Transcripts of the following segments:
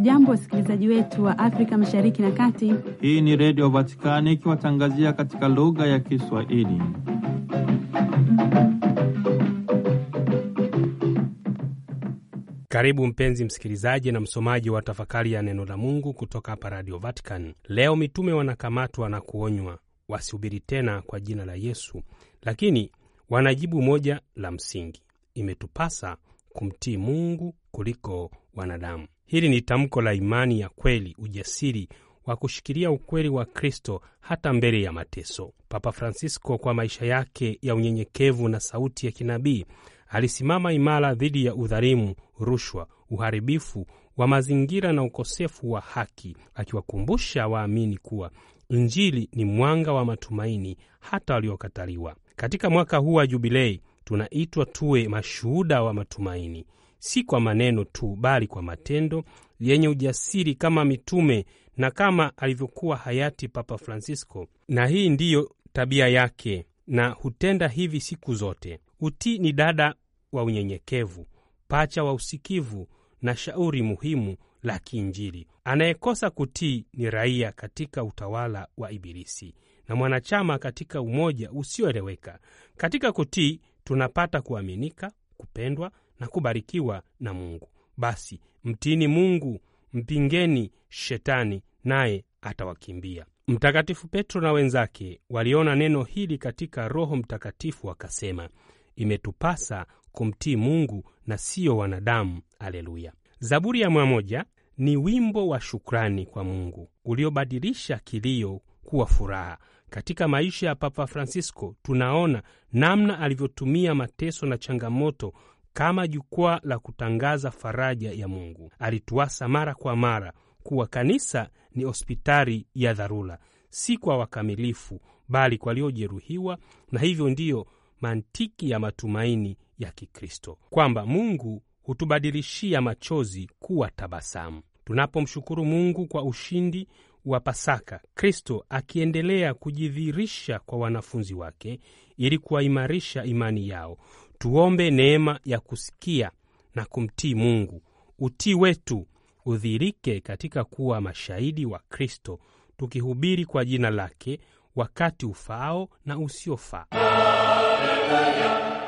Hamjambo, wasikilizaji wetu wa Afrika mashariki na kati. Hii ni Redio Vatikani ikiwatangazia katika lugha ya Kiswahili. Karibu mpenzi msikilizaji na msomaji wa tafakari ya neno la Mungu kutoka hapa Radio Vatican. Leo mitume wanakamatwa na kuonywa wasihubiri tena kwa jina la Yesu, lakini wanajibu moja la msingi: imetupasa kumtii Mungu kuliko wanadamu. Hili ni tamko la imani ya kweli, ujasiri wa kushikilia ukweli wa Kristo hata mbele ya mateso. Papa Francisco, kwa maisha yake ya unyenyekevu na sauti ya kinabii, alisimama imara dhidi ya udhalimu, rushwa, uharibifu wa mazingira na ukosefu wa haki, akiwakumbusha waamini kuwa Injili ni mwanga wa matumaini hata waliokataliwa. Katika mwaka huu wa Jubilei tunaitwa tuwe mashuhuda wa matumaini si kwa maneno tu, bali kwa matendo yenye ujasiri kama mitume na kama alivyokuwa hayati Papa Francisco. Na hii ndiyo tabia yake na hutenda hivi siku zote. Utii ni dada wa unyenyekevu, pacha wa usikivu na shauri muhimu la kiinjili. Anayekosa kutii ni raia katika utawala wa Ibilisi na mwanachama katika umoja usioeleweka. Katika kutii tunapata kuaminika, kupendwa na kubarikiwa na Mungu. Basi mtini Mungu, mpingeni Shetani naye atawakimbia. Mtakatifu Petro na wenzake waliona neno hili katika Roho Mtakatifu wakasema, imetupasa kumtii Mungu na siyo wanadamu. Aleluya. Zaburi ya mia moja ni wimbo wa shukrani kwa Mungu uliobadilisha kilio kuwa furaha. Katika maisha ya Papa Francisco tunaona namna alivyotumia mateso na changamoto kama jukwaa la kutangaza faraja ya Mungu. Alituasa mara kwa mara kuwa kanisa ni hospitali ya dharura, si kwa wakamilifu, bali kwa waliojeruhiwa, na hivyo ndiyo mantiki ya matumaini ya Kikristo kwamba Mungu hutubadilishia machozi kuwa tabasamu. Tunapomshukuru Mungu kwa ushindi wa Pasaka, Kristo akiendelea kujidhihirisha kwa wanafunzi wake ili kuwaimarisha imani yao, tuombe neema ya kusikia na kumtii Mungu. Utii wetu udhirike katika kuwa mashahidi wa Kristo, tukihubiri kwa jina lake wakati ufaao na usiofaa. hallelujah.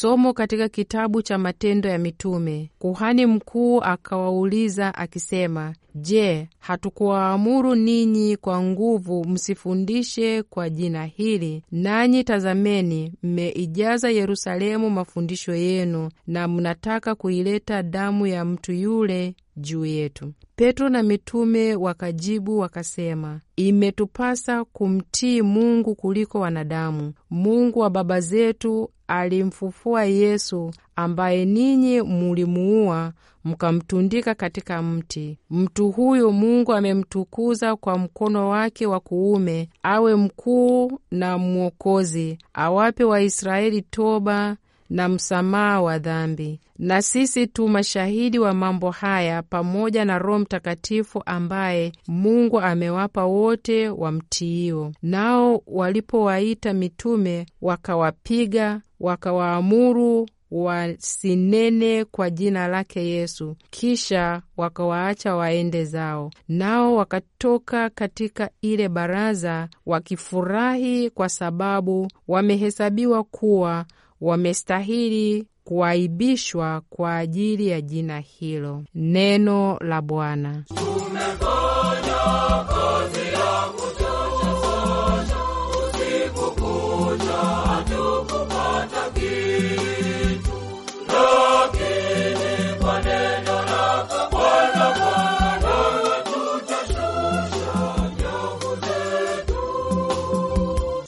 Somo katika kitabu cha Matendo ya Mitume. Kuhani mkuu akawauliza akisema, Je, hatukuwaamuru ninyi kwa nguvu msifundishe kwa jina hili? Nanyi tazameni, mmeijaza Yerusalemu mafundisho yenu, na mnataka kuileta damu ya mtu yule juu yetu. Petro na mitume wakajibu wakasema, imetupasa kumtii Mungu kuliko wanadamu. Mungu wa baba zetu alimfufua Yesu ambaye ninyi mulimuua mkamtundika katika mti. Mtu huyu Mungu amemtukuza kwa mkono wake wa kuume awe mkuu na mwokozi, awape Waisraeli toba na msamaha wa dhambi. Na sisi tu mashahidi wa mambo haya, pamoja na Roho Mtakatifu ambaye Mungu amewapa wote wa mtiio Nao walipowaita mitume, wakawapiga, wakawaamuru wasinene kwa jina lake Yesu. Kisha wakawaacha waende zao. Nao wakatoka katika ile baraza wakifurahi, kwa sababu wamehesabiwa kuwa wamestahili kuaibishwa kwa ajili ya jina hilo. Neno la Bwana.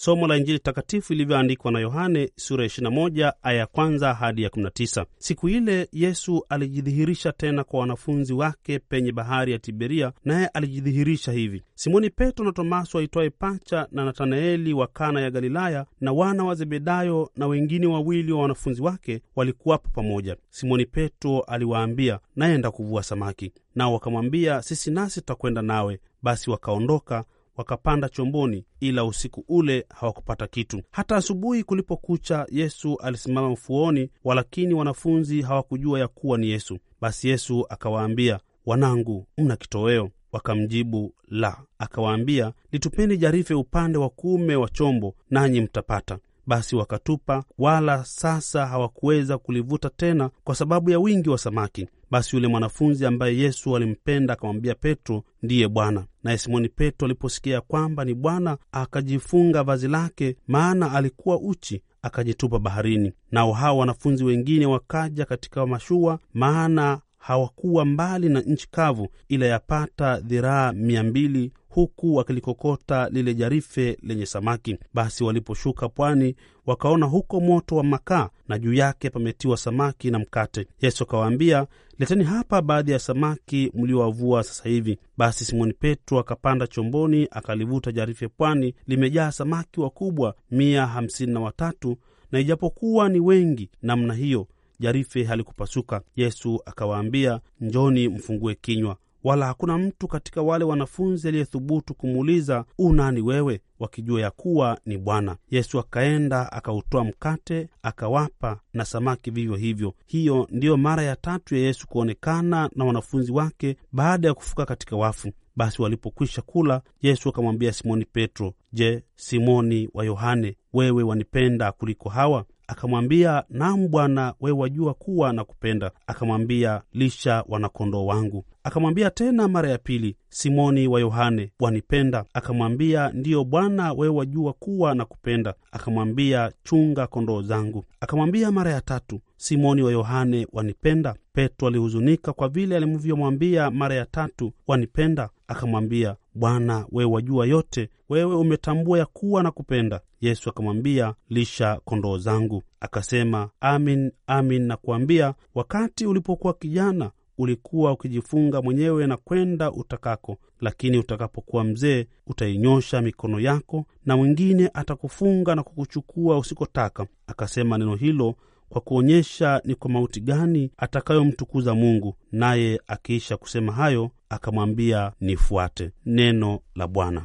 somo la Injili takatifu ilivyoandikwa na Yohane sura ya 21 aya kwanza hadi ya 19. Siku ile Yesu alijidhihirisha tena kwa wanafunzi wake penye bahari ya Tiberia, naye alijidhihirisha hivi: Simoni Petro na Tomaso aitwaye Pacha na Natanaeli wa Kana ya Galilaya na wana wa Zebedayo na wengine wawili wa wanafunzi wake walikuwapo pamoja. Simoni Petro aliwaambia, naenda kuvua samaki, nao wakamwambia, sisi nasi tutakwenda nawe. Basi wakaondoka wakapanda chomboni, ila usiku ule hawakupata kitu. Hata asubuhi kulipokucha, Yesu alisimama ufuoni, walakini wanafunzi hawakujua ya kuwa ni Yesu. Basi Yesu akawaambia, wanangu, mna kitoweo? Wakamjibu, la. Akawaambia, litupeni jarife upande wa kuume wa chombo, nanyi mtapata basi wakatupa, wala sasa hawakuweza kulivuta tena kwa sababu ya wingi wa samaki. Basi yule mwanafunzi ambaye Yesu alimpenda akamwambia Petro, ndiye Bwana. Naye Simoni Petro aliposikia kwamba ni Bwana, akajifunga vazi lake, maana alikuwa uchi, akajitupa baharini. Nao hao wanafunzi wengine wakaja katika mashua, maana hawakuwa mbali na nchi kavu, ila yapata dhiraa mia mbili huku wakilikokota lile jarife lenye samaki. Basi waliposhuka pwani, wakaona huko moto wa makaa, na juu yake pametiwa samaki na mkate. Yesu akawaambia, leteni hapa baadhi ya samaki mliowavua sasa hivi. Basi Simoni Petro akapanda chomboni, akalivuta jarife pwani, limejaa samaki wakubwa mia hamsini na watatu, na ijapokuwa ni wengi namna hiyo, jarife halikupasuka. Yesu akawaambia, njoni mfungue kinywa wala hakuna mtu katika wale wanafunzi aliyethubutu kumuuliza u nani wewe, wakijua ya kuwa ni Bwana Yesu. Akaenda akautoa mkate akawapa, na samaki vivyo hivyo. Hiyo ndiyo mara ya tatu ya Yesu kuonekana na wanafunzi wake baada ya kufuka katika wafu. Basi walipokwisha kula, Yesu akamwambia Simoni Petro, Je, Simoni wa Yohane, wewe wanipenda kuliko hawa? Akamwambia, namu Bwana, wewe wajua kuwa na kupenda Akamwambia, lisha wanakondoo wangu. Akamwambia tena mara ya pili, Simoni wa Yohane, wanipenda? Akamwambia, ndiyo Bwana, wewe wajua kuwa na kupenda Akamwambia, chunga kondoo zangu. Akamwambia mara ya tatu Simoni wa Yohane wanipenda? Petro alihuzunika kwa vile alimvyomwambia mara ya tatu, wanipenda? Akamwambia, Bwana, wewe wajua yote, wewe umetambua ya kuwa na kupenda. Yesu akamwambia, lisha kondoo zangu. Akasema, amin amin nakuambia, wakati ulipokuwa kijana ulikuwa ukijifunga mwenyewe na kwenda utakako, lakini utakapokuwa mzee utainyosha mikono yako, na mwingine atakufunga na kukuchukua usikotaka. Akasema neno hilo kwa kuonyesha ni kwa mauti gani atakayomtukuza Mungu. Naye akiisha kusema hayo, akamwambia, nifuate. Neno la Bwana.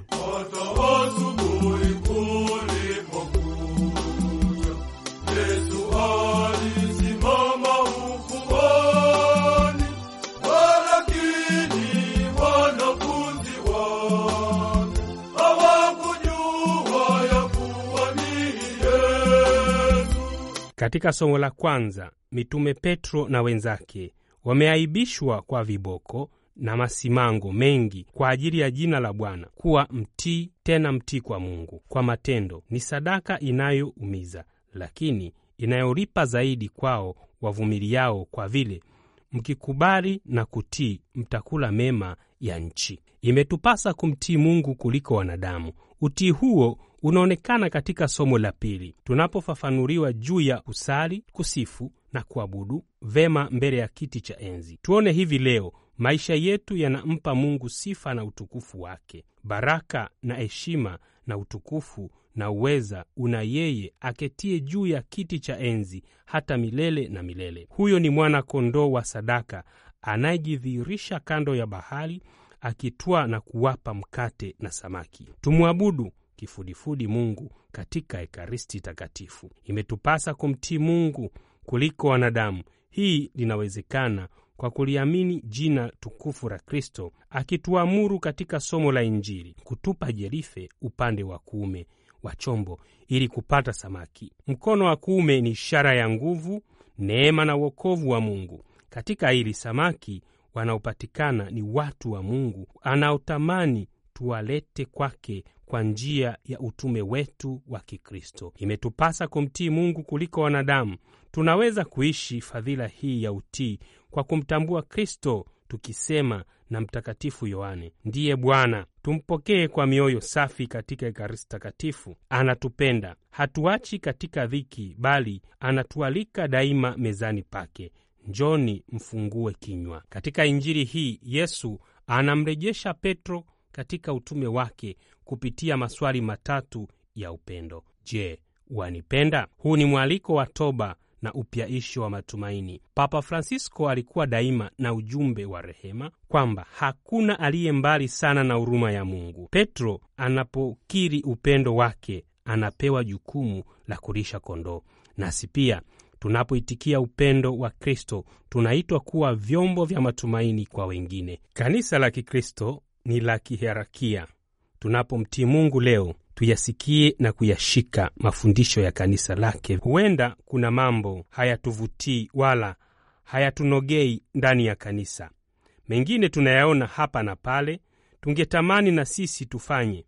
Katika somo la kwanza, mitume Petro na wenzake wameaibishwa kwa viboko na masimango mengi kwa ajili ya jina la Bwana. Kuwa mtii, tena mtii kwa Mungu kwa matendo, ni sadaka inayoumiza, lakini inayolipa zaidi kwao wavumiliao, kwa vile mkikubali na kutii mtakula mema ya nchi. Imetupasa kumtii Mungu kuliko wanadamu. Utii huo unaonekana katika somo la pili tunapofafanuliwa juu ya kusali, kusifu na kuabudu vema mbele ya kiti cha enzi. Tuone hivi leo maisha yetu yanampa Mungu sifa na utukufu wake. Baraka na heshima na utukufu na uweza una yeye aketie juu ya kiti cha enzi hata milele na milele. Huyo ni mwana-kondoo wa sadaka anayejidhihirisha kando ya bahari akitwaa na kuwapa mkate na samaki. Tumwabudu kifudifudi Mungu katika Ekaristi Takatifu. Imetupasa kumtii Mungu kuliko wanadamu. Hii linawezekana kwa kuliamini jina tukufu la Kristo, akituamuru katika somo la Injili kutupa jerife upande wa kuume wa chombo ili kupata samaki. Mkono wa kuume ni ishara ya nguvu, neema na wokovu wa Mungu. Katika hili samaki wanaopatikana ni watu wa Mungu anaotamani tuwalete kwake kwa njia ya utume wetu wa Kikristo. Imetupasa kumtii Mungu kuliko wanadamu. Tunaweza kuishi fadhila hii ya utii kwa kumtambua Kristo tukisema na Mtakatifu Yohane, ndiye Bwana. Tumpokee kwa mioyo safi katika Ekaristi Takatifu. Anatupenda, hatuachi katika dhiki, bali anatualika daima mezani pake. Njoni mfungue kinywa. Katika Injili hii Yesu anamrejesha Petro katika utume wake kupitia maswali matatu ya upendo. Je, wanipenda? Huu ni mwaliko wa toba na upyaisho wa matumaini. Papa Francisco alikuwa daima na ujumbe wa rehema kwamba hakuna aliye mbali sana na huruma ya Mungu. Petro anapokiri upendo wake anapewa jukumu la kulisha kondoo. Nasi pia tunapoitikia upendo wa Kristo tunaitwa kuwa vyombo vya matumaini kwa wengine. Kanisa la Kikristo ni la kiherakia. Tunapomtii Mungu leo, tuyasikie na kuyashika mafundisho ya kanisa lake. Huenda kuna mambo hayatuvutii wala hayatunogei ndani ya kanisa, mengine tunayaona hapa na pale, tungetamani na sisi tufanye.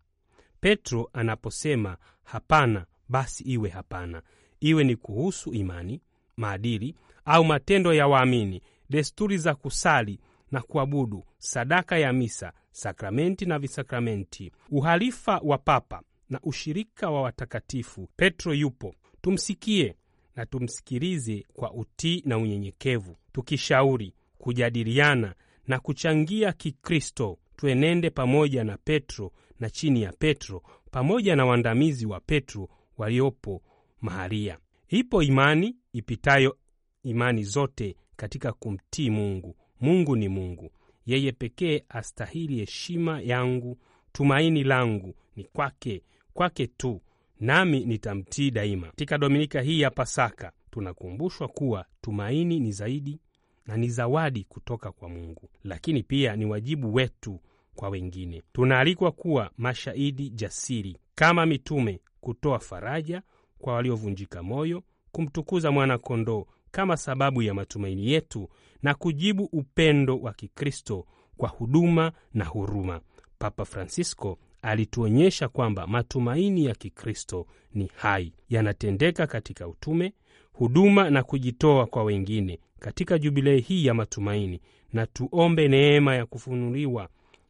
Petro anaposema hapana, basi iwe hapana, iwe ni kuhusu imani, maadili au matendo ya waamini, desturi za kusali na kuabudu, sadaka ya misa, sakramenti na visakramenti, uhalifa wa Papa na ushirika wa watakatifu. Petro yupo, tumsikie na tumsikilize kwa utii na unyenyekevu, tukishauri, kujadiliana na kuchangia Kikristo. Tuenende pamoja na Petro na chini ya Petro, pamoja na waandamizi wa Petro waliopo mahalia. Ipo imani ipitayo imani zote katika kumtii Mungu. Mungu ni Mungu. Yeye pekee astahili heshima yangu, tumaini langu ni kwake, kwake tu, nami nitamtii daima. Katika dominika hii ya Pasaka tunakumbushwa kuwa tumaini ni zaidi na ni zawadi kutoka kwa Mungu, lakini pia ni wajibu wetu kwa wengine. Tunaalikwa kuwa mashahidi jasiri kama mitume, kutoa faraja kwa waliovunjika moyo, kumtukuza mwana kondoo kama sababu ya matumaini yetu na kujibu upendo wa Kikristo kwa huduma na huruma. Papa Francisco alituonyesha kwamba matumaini ya Kikristo ni hai, yanatendeka katika utume, huduma na kujitoa kwa wengine. Katika jubilei hii ya matumaini, na tuombe neema ya kufunuliwa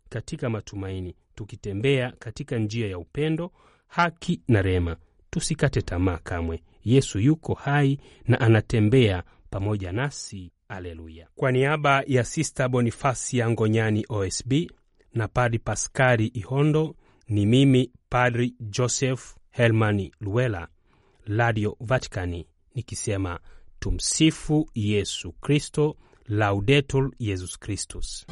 katika matumaini, tukitembea katika njia ya upendo, haki na rehema. Tusikate tamaa kamwe. Yesu yuko hai na anatembea pamoja nasi. Aleluya! Kwa niaba ya Sista ya Ngonyani OSB na Padri Paskari Ihondo, ni mimi Padri Joseph Hermani Luela, Radio Vaticani, nikisema tumsifu Yesu Kristo, Laudetur Yesus Kristus.